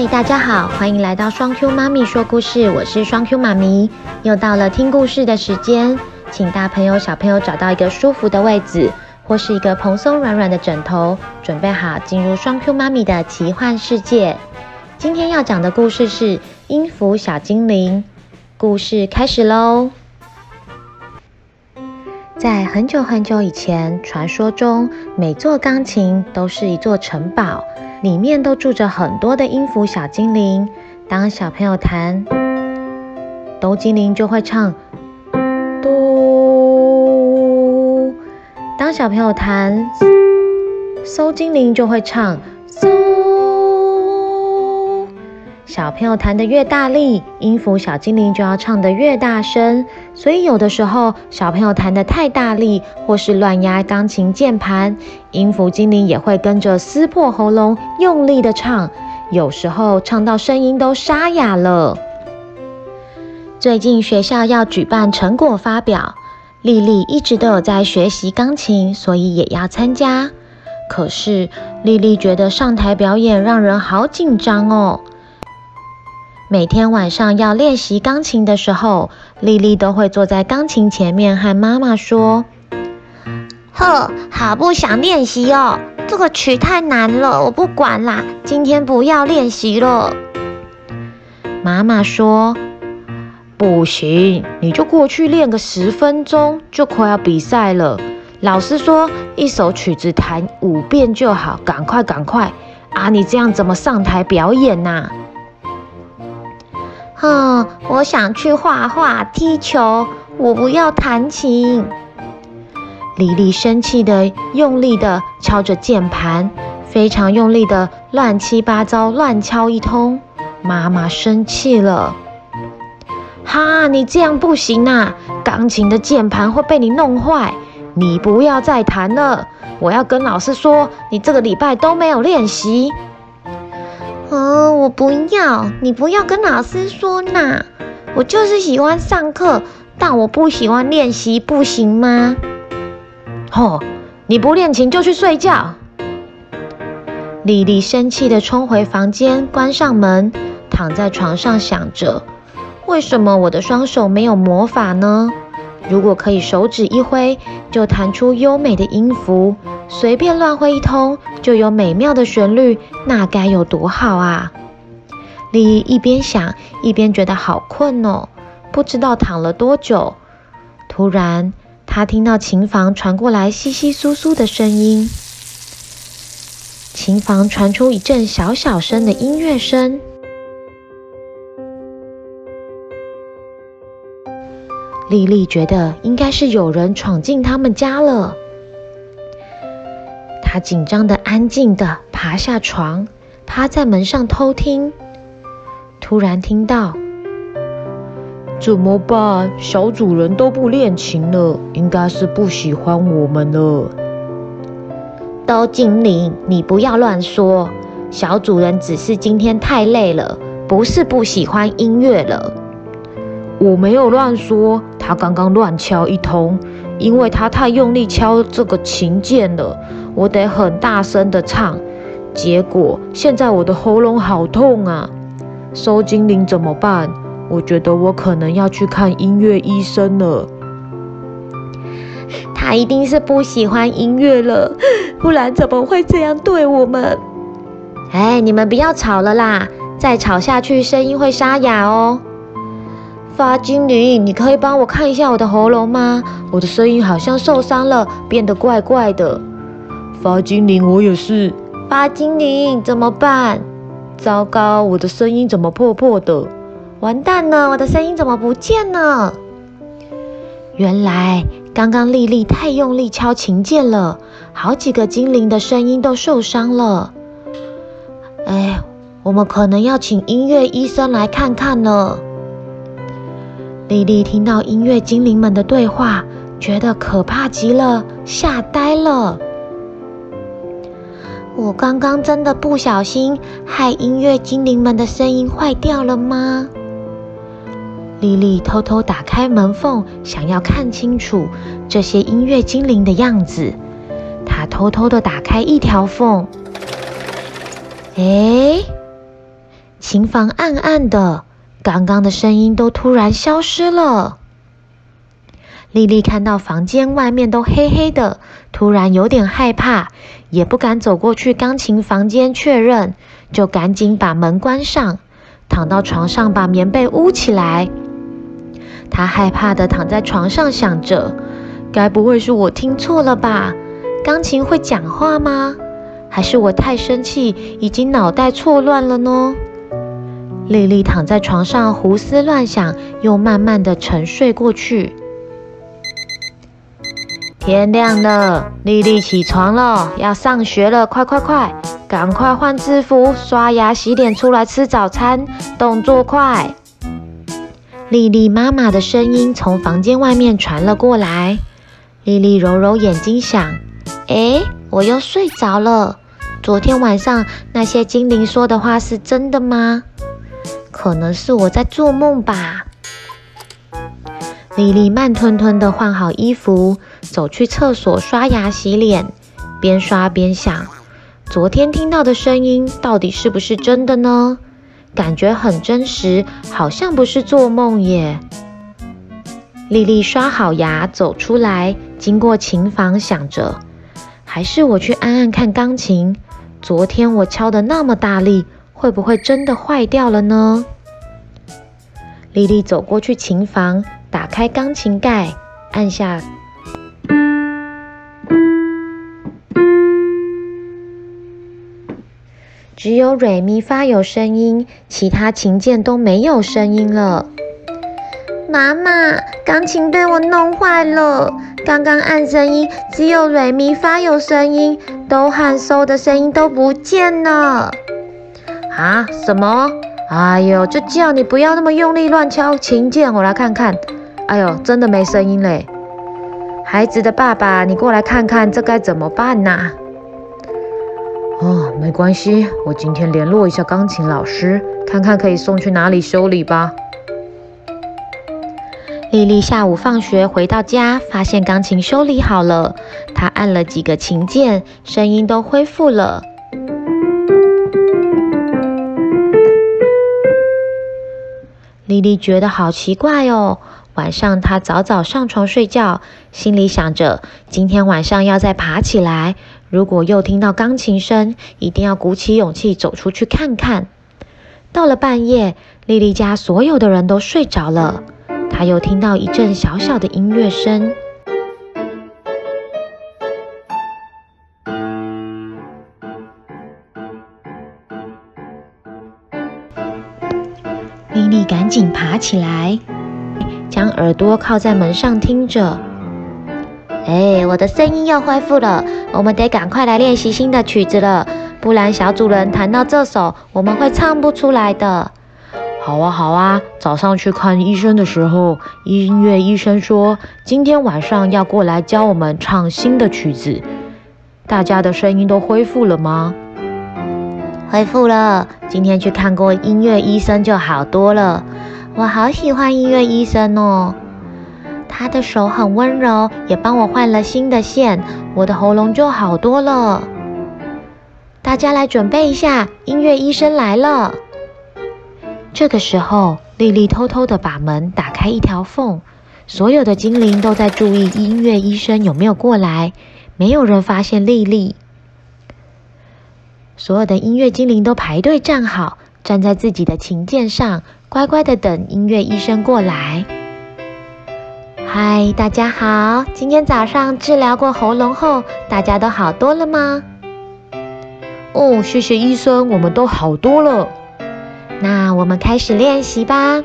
嗨，大家好，歡迎來到雙 Q 媽咪說故事，我是雙 Q 媽咪，又到了聽故事的時間，請大朋友小朋友找到一個舒服的位置，或是一個蓬鬆軟軟的枕頭，準備好進入雙 Q 媽咪的奇幻世界。今天要講的故事是音符小精靈，故事開始嘍。在很久很久以前，傳說中每座鋼琴都是一座城堡，裡面都住着很多的音符小精靈。當小朋友彈，哆精靈就會唱嘟，當小朋友彈，嗦精靈就會唱。小朋友彈得越大力，音符小精靈就要唱得越大聲。所以有的時候小朋友彈得太大力，或是亂壓鋼琴鍵盤，音符精靈也會跟着撕破喉嚨，用力地唱。有時候唱到聲音都沙啞了。最近學校要舉辦成果發表，莉莉一直都有在學習鋼琴，所以也要參加。可是莉莉覺得上台表演讓人好緊張哦。每天晚上要練習鋼琴的時候，莉莉都會坐在鋼琴前面，和媽媽說：“呵，好不想練習哦，這個曲太難了，我不管啦，今天不要練習了。”媽媽說：“不行，你就過去練個十分鐘，就快要比賽了。老師說一首曲子彈五遍就好，趕快趕快啊！你這樣怎麼上台表演呢，啊？”哼、嗯，我想去畫畫、踢球，我不要彈琴。莉莉生氣的用力的敲着鍵盤，非常用力的亂七八糟亂敲一通。媽媽生氣了，哈，你這樣不行啊！鋼琴的鍵盤會被你弄壞，你不要再彈了。我要跟老師說，你這個禮拜都沒有練習。我不要，你不要跟老師說吶，我就是喜歡上課，但我不喜歡練習，不行嗎？吼、哦！你不練琴就去睡覺。莉莉生氣地衝回房間，關上門，躺在床上想着：為什麼我的雙手沒有魔法呢？如果可以手指一揮就彈出優美的音符，隨便亂揮一通就有美妙的旋律，那該有多好啊！莉莉一邊想，一邊覺得好困哦。不知道躺了多久，突然她聽到琴房傳過來窸窸窣窣的聲音。琴房傳出一陣小小聲的音樂聲，莉莉覺得應該是有人闖進他們家了。她緊張的、安靜的爬下床，趴在門上偷聽。突然聽到，怎麼辦？小主人都不練琴了，應該是不喜歡我們了。都精靈，你不要亂說。小主人只是今天太累了，不是不喜歡音樂了。我沒有亂說，他剛剛亂敲一通，因為他太用力敲這個琴鍵了。我得很大聲地唱，結果現在我的喉嚨好痛啊。收精靈怎麼辦？我覺得我可能要去看音樂醫生了。他一定是不喜歡音樂了，不然怎麼會這樣對我們？哎，你們不要吵了啦，再吵下去聲音會沙啞哦。發精靈，你可以幫我看一下我的喉嚨嗎？我的聲音好像受傷了，變得怪怪的。發精靈，我也是。發精靈，怎麼辦？糟糕，我的聲音怎麼破破的？完蛋了，我的聲音怎麼不見了？原來剛剛莉莉太用力敲琴鍵了，好幾個精靈的聲音都受傷了。哎，我們可能要請音樂醫生來看看了。莉莉聽到音樂精靈們的對話，覺得可怕極了，嚇呆了。我剛剛真的不小心害音樂精靈們的聲音壞掉了嗎？莉莉偷偷打開門縫，想要看清楚這些音樂精靈的樣子。她偷偷地打開一條縫，哎，琴房暗暗的，剛剛的聲音都突然消失了。莉莉看到房間外面都黑黑的，突然有點害怕。也不敢走過去鋼琴房間確認，就趕緊把門關上，躺到床上把棉被捂起來。他害怕的躺在床上想着，該不會是我聽錯了吧？鋼琴會講話嗎？還是我太生氣，已經腦袋錯亂了呢？莉莉躺在床上胡思亂想，又慢慢的沉睡過去。天亮了，莉莉起床了，要上學了，快快快，趕快換制服、刷牙、洗臉，出來吃早餐，動作快！莉莉媽媽的聲音從房間外面傳了過來。莉莉揉揉眼睛，想：哎，我又睡着了。昨天晚上那些精靈說的話是真的嗎？可能是我在做夢吧。莉莉慢吞吞地換好衣服。走去廁所刷牙洗臉，邊刷邊想：昨天聽到的聲音到底是不是真的呢？感覺很真實，好像不是做夢耶。莉莉刷好牙走出來，經過琴房，想着：還是我去按按看鋼琴。昨天我敲得那麼大力，會不會真的壞掉了呢？莉莉走過去琴房，打開鋼琴蓋，按下。只有瑞咪發有聲音，其他琴鍵都沒有聲音了。媽媽，鋼琴被我弄壞了。剛剛按聲音，只有瑞咪發有聲音，哆和嗦的聲音都不見了。啊？什麼？哎呦，就叫你不要那麼用力亂敲琴鍵。我來看看。哎呦，真的沒聲音嘞。孩子的爸爸，你過來看看，這該怎麼辦吶？啊？哦，沒關係，我今天聯絡一下鋼琴老師，看看可以送去哪裡修理吧。莉莉下午放學回到家，發現鋼琴修理好了，她按了幾個琴鍵，聲音都恢復了。莉莉覺得好奇怪哦，晚上她早早上床睡覺，心裡想着今天晚上要再爬起來。如果又聽到鋼琴聲，一定要鼓起勇氣走出去看看。到了半夜，莉莉家所有的人都睡着了，她又聽到一陣小小的音樂聲。莉莉趕緊爬起來，將耳朵靠在門上聽着。哎、欸，我的聲音又恢復了，我們得趕快來練習新的曲子了，不然小主人彈到這首，我們會唱不出來的。好啊，好啊，早上去看醫生的時候，音樂醫生說今天晚上要過來教我們唱新的曲子。大家的聲音都恢復了嗎？恢復了，今天去看過音樂醫生就好多了。我好喜歡音樂醫生哦。他的手很溫柔，也幫我換了新的絃，我的喉嚨就好多了。大家來準備一下，音樂醫生來了。這個時候，莉莉偷偷的把門打開一條縫，所有的精靈都在注意音樂醫生有沒有過來，沒有人發現莉莉。所有的音樂精靈都排隊站好，站在自己的琴鍵上，乖乖的等音樂醫生過來。嗨，Hi, 大家好！今天早上治療過喉嚨後，大家都好多了嗎？哦，謝謝醫生，我們都好多了。那我們開始練習吧。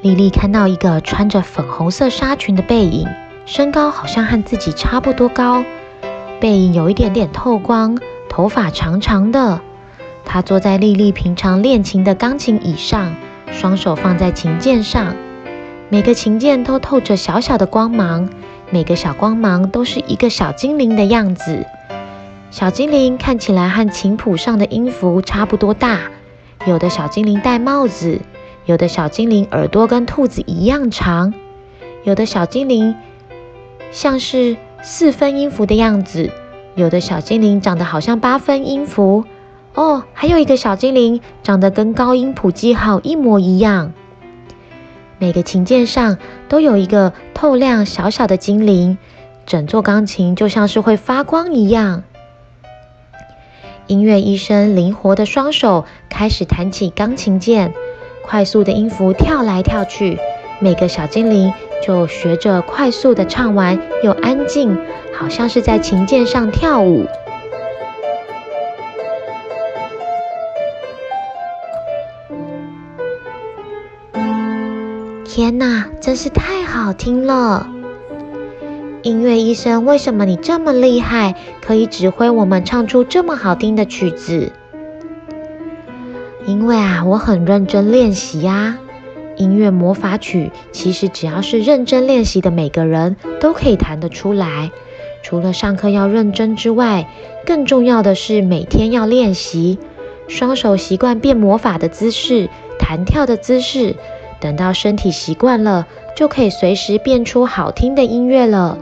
莉莉看到一個穿着粉紅色紗裙的背影，身高好像和自己差不多高，背影有一點點透光，頭髮長長的。她坐在莉莉平常練琴的鋼琴椅上，雙手放在琴鍵上。每個琴鍵都透着小小的光芒，每個小光芒都是一個小精靈的樣子。小精靈看起來和琴譜上的音符差不多大，有的小精靈戴帽子，有的小精靈耳朵跟兔子一樣長，有的小精靈像是四分音符的樣子，有的小精靈長得好像八分音符。哦，還有一個小精靈長得跟高音譜記號一模一樣。每個琴鍵上都有一個透亮小小的精靈，整座鋼琴就像是會發光一樣。音樂醫生靈活的雙手開始彈起鋼琴鍵，快速的音符跳來跳去，每個小精靈就學着快速的唱完又安靜，好像是在琴鍵上跳舞。天哪，真是太好聽了！音樂醫生，為什麼你這麼厲害，可以指揮我們唱出這麼好聽的曲子？因為啊，我很認真練習呀、啊。音樂魔法曲其實只要是認真練習的每個人都可以彈得出來。除了上課要認真之外，更重要的是每天要練習，雙手習慣變魔法的姿勢，彈跳的姿勢。等到身體習慣了，就可以隨時變出好聽的音樂了。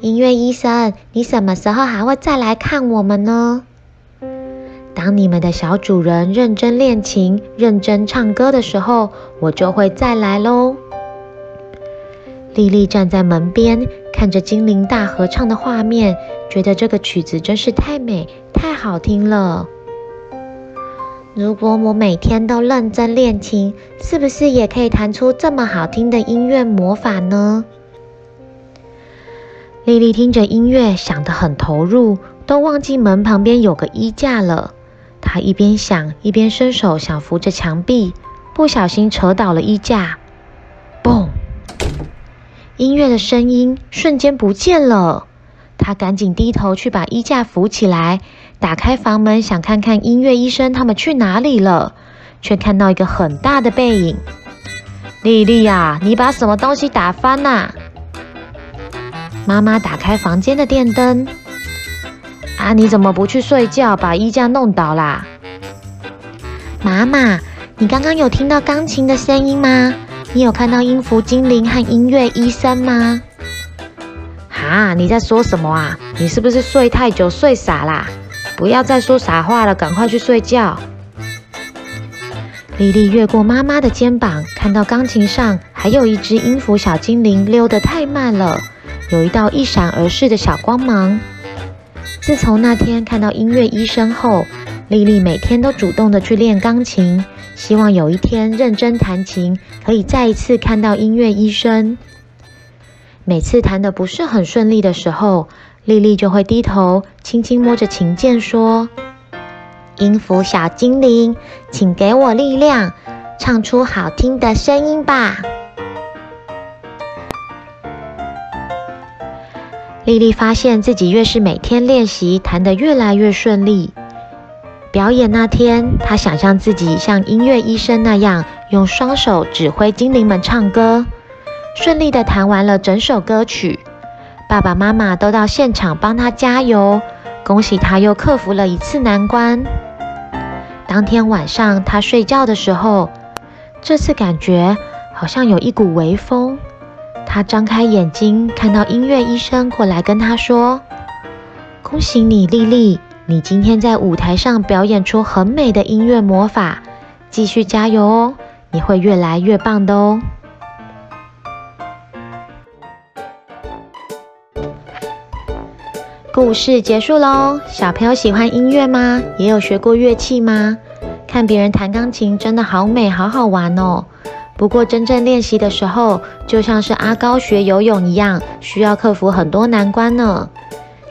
音樂醫生，你什麼時候還會再來看我們呢？當你們的小主人認真練琴、認真唱歌的時候，我就會再來嘍。莉莉站在門邊，看着精靈大合唱的畫面，覺得這個曲子真是太美、太好聽了。如果我每天都認真練琴，是不是也可以彈出這麼好聽的音樂魔法呢？莉莉聽着音樂，想得很投入，都忘記門旁邊有個衣架了。她一邊想，一邊伸手想扶着牆壁，不小心扯倒了衣架。嘣！音樂的聲音瞬間不見了。她趕緊低頭去把衣架扶起來。打開房門，想看看音樂醫生他們去哪裡了，卻看到一個很大的背影。莉莉呀，你把什麼東西打翻啦？媽媽打開房間的電燈。啊，你怎麼不去睡覺，把衣架弄倒啦？媽媽，你剛剛有聽到鋼琴的聲音嗎？你有看到音符精靈和音樂醫生嗎？啊，你在說什麼啊？你是不是睡太久睡傻啦？不要再說傻話了，趕快去睡覺。莉莉越過媽媽的肩膀，看到鋼琴上還有一隻音符小精靈溜得太慢了，有一道一閃而逝的小光芒。自從那天看到音樂醫生後，莉莉每天都主動地去練鋼琴，希望有一天認真彈琴，可以再一次看到音樂醫生。每次彈得不是很順利的時候，莉莉就會低頭，輕輕摸着琴鍵，說：“音符小精靈，請給我力量，唱出好聽的聲音吧。”莉莉發現自己越是每天練習，彈得越來越順利。表演那天，她想象自己像音樂醫生那樣，用雙手指揮精靈們唱歌，順利地彈完了整首歌曲。爸爸媽媽都到現場幫他加油，恭喜他又克服了一次難關。當天晚上他睡覺的時候，這次感覺好像有一股微風。他張開眼睛，看到音樂醫生過來跟他說：“恭喜你，莉莉，你今天在舞台上表演出很美的音樂魔法，繼續加油哦，你會越來越棒的哦。”故事結束嘍，小朋友喜歡音樂嗎？也有學過樂器嗎？看別人彈鋼琴真的好美，好好玩哦。不過真正練習的時候，就像是阿高學游泳一樣，需要克服很多難關呢。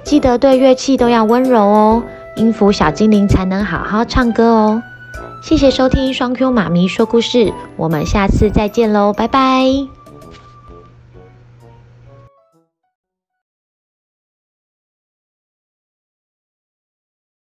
記得對樂器都要溫柔哦，音符小精靈才能好好唱歌哦。謝謝收聽雙 Q 媽咪說故事，我們下次再見嘍，拜拜。